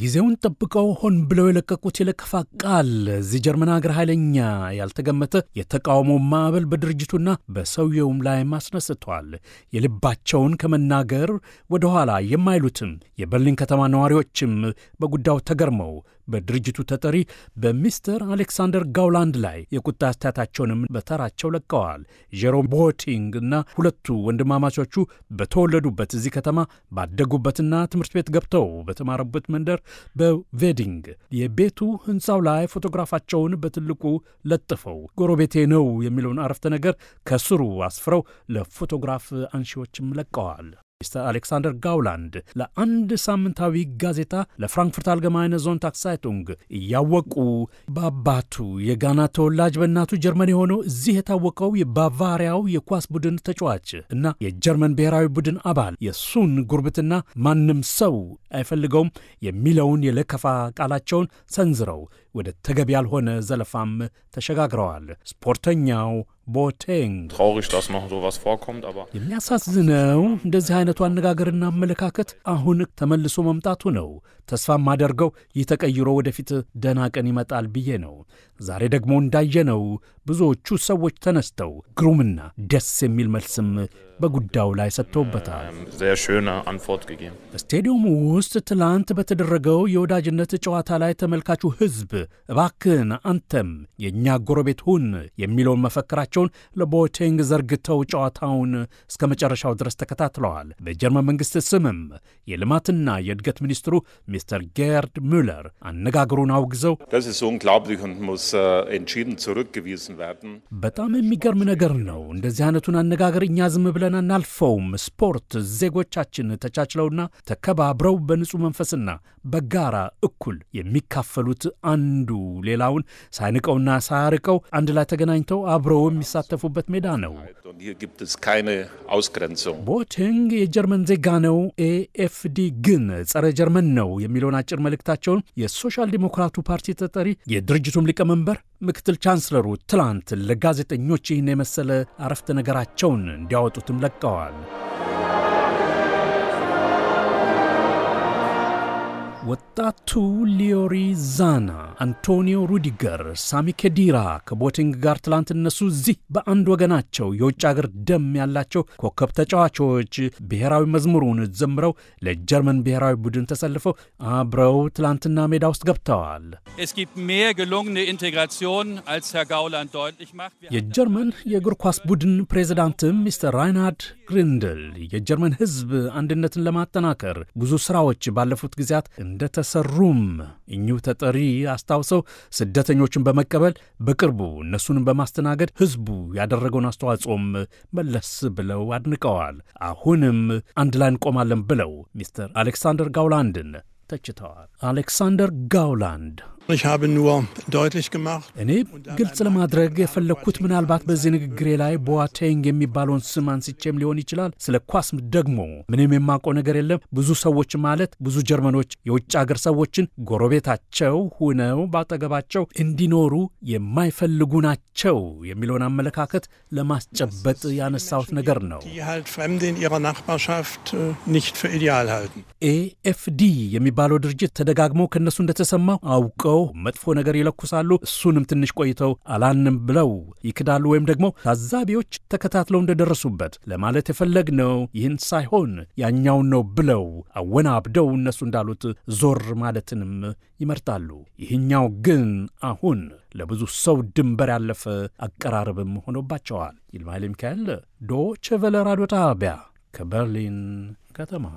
ጊዜውን ጠብቀው ሆን ብለው የለቀቁት የለከፋ ቃል እዚህ ጀርመን ሀገር ኃይለኛ ያልተገመተ የተቃውሞ ማዕበል በድርጅቱና በሰውየውም ላይ አስነስተዋል። የልባቸውን ከመናገር ወደ ኋላ የማይሉትም የበርሊን ከተማ ነዋሪዎችም በጉዳዩ ተገርመው በድርጅቱ ተጠሪ በሚስተር አሌክሳንደር ጋውላንድ ላይ የቁጣ አስተያየታቸውንም በተራቸው ለቀዋል። ጀሮም ቦቲንግ እና ሁለቱ ወንድማማቾቹ በተወለዱበት እዚህ ከተማ ባደጉበትና ትምህርት ቤት ገብተው በተማረበት መንደር በቬዲንግ የቤቱ ህንፃው ላይ ፎቶግራፋቸውን በትልቁ ለጥፈው ጎረቤቴ ነው የሚለውን አረፍተ ነገር ከስሩ አስፍረው ለፎቶግራፍ አንሺዎችም ለቀዋል። ሚስተር አሌክሳንደር ጋውላንድ ለአንድ ሳምንታዊ ጋዜጣ ለፍራንክፉርት አልገማይነ ዞን ታክሳይቱንግ እያወቁ በአባቱ የጋና ተወላጅ በእናቱ ጀርመን የሆነው እዚህ የታወቀው የባቫሪያው የኳስ ቡድን ተጫዋች እና የጀርመን ብሔራዊ ቡድን አባል የሱን ጉርብትና ማንም ሰው አይፈልገውም የሚለውን የለከፋ ቃላቸውን ሰንዝረው ወደ ተገቢ ያልሆነ ዘለፋም ተሸጋግረዋል። ስፖርተኛው ቦቴንግ የሚያሳዝነው እንደዚህ አይነቱ አነጋገርና አመለካከት አሁን ተመልሶ መምጣቱ ነው። ተስፋም አደርገው ይህ ተቀይሮ ወደፊት ደህና ቀን ይመጣል ብዬ ነው። ዛሬ ደግሞ እንዳየነው ብዙዎቹ ሰዎች ተነስተው ግሩምና ደስ የሚል መልስም በጉዳዩ ላይ ሰጥተውበታል። um, äh, በስቴዲየሙ ውስጥ ትላንት በተደረገው የወዳጅነት ጨዋታ ላይ ተመልካቹ ሕዝብ እባክን አንተም የእኛ ጎረቤት ሁን የሚለውን መፈክራቸውን ለቦቴንግ ዘርግተው ጨዋታውን እስከ መጨረሻው ድረስ ተከታትለዋል። በጀርመን መንግሥት ስምም የልማትና የእድገት ሚኒስትሩ ሚስተር ጌርድ ሙለር አነጋገሩን አውግዘው Äh, entschieden zurückgewiesen werden። በጣም የሚገርም ነገር ነው። እንደዚህ አይነቱን አነጋገር እኛ ዝም ብለን አናልፈውም። ስፖርት ዜጎቻችን ተቻችለውና ተከባብረው በንጹህ መንፈስና በጋራ እኩል የሚካፈሉት አንዱ ሌላውን ሳይንቀውና ሳያርቀው አንድ ላይ ተገናኝተው አብረው የሚሳተፉበት ሜዳ ነው። ቦቲንግ የጀርመን ዜጋ ነው። ኤኤፍዲ ግን ጸረ ጀርመን ነው የሚለውን አጭር መልእክታቸውን የሶሻል ዲሞክራቱ ፓርቲ ተጠሪ የድርጅቱም ሊቀመ ሊቀመንበር ምክትል ቻንስለሩ ትላንት ለጋዜጠኞች ይህን የመሰለ አረፍተ ነገራቸውን እንዲያወጡትም ለቀዋል። ወጣቱ ሊዮሪ ዛና፣ አንቶኒዮ ሩዲገር፣ ሳሚ ኬዲራ ከቦቲንግ ጋር ትላንት እነሱ እዚህ በአንድ ወገናቸው የውጭ አገር ደም ያላቸው ኮከብ ተጫዋቾች ብሔራዊ መዝሙሩን ዘምረው ለጀርመን ብሔራዊ ቡድን ተሰልፈው አብረው ትላንትና ሜዳ ውስጥ ገብተዋል። የጀርመን የእግር ኳስ ቡድን ፕሬዚዳንት ሚስተር ራይናርድ ግሪንድል የጀርመን ሕዝብ አንድነትን ለማጠናከር ብዙ ስራዎች ባለፉት ጊዜያት እንደተ አልሰሩም። እኚሁ ተጠሪ አስታውሰው ስደተኞችን በመቀበል በቅርቡ እነሱንም በማስተናገድ ሕዝቡ ያደረገውን አስተዋጽኦም መለስ ብለው አድንቀዋል። አሁንም አንድ ላይ እንቆማለን ብለው ሚስተር አሌክሳንደር ጋውላንድን ተችተዋል። አሌክሳንደር ጋውላንድ እኔ ግልጽ ለማድረግ የፈለግኩት ምናልባት በዚህ ንግግሬ ላይ ቦቴንግ የሚባለውን ስም አንስቼም ሊሆን ይችላል። ስለ ኳስ ደግሞ ምንም የማውቀው ነገር የለም። ብዙ ሰዎች ማለት ብዙ ጀርመኖች የውጭ አገር ሰዎችን ጎረቤታቸው ሁነው በአጠገባቸው እንዲኖሩ የማይፈልጉ ናቸው የሚለውን አመለካከት ለማስጨበጥ ያነሳሁት ነገር ነው። ኤኤፍዲ äh, የሚባለው ድርጅት ተደጋግሞ ከእነሱ እንደተሰማው አውቀው ብለው መጥፎ ነገር ይለኩሳሉ። እሱንም ትንሽ ቆይተው አላንም ብለው ይክዳሉ። ወይም ደግሞ ታዛቢዎች ተከታትለው እንደደረሱበት ለማለት የፈለግነው ይህን ሳይሆን ያኛውን ነው ብለው አወናብደው እነሱ እንዳሉት ዞር ማለትንም ይመርጣሉ። ይህኛው ግን አሁን ለብዙ ሰው ድንበር ያለፈ አቀራረብም ሆኖባቸዋል። ይልማይል ሚካኤል ዶቼ ቬለ ራዲዮ ጣቢያ ከበርሊን ከተማ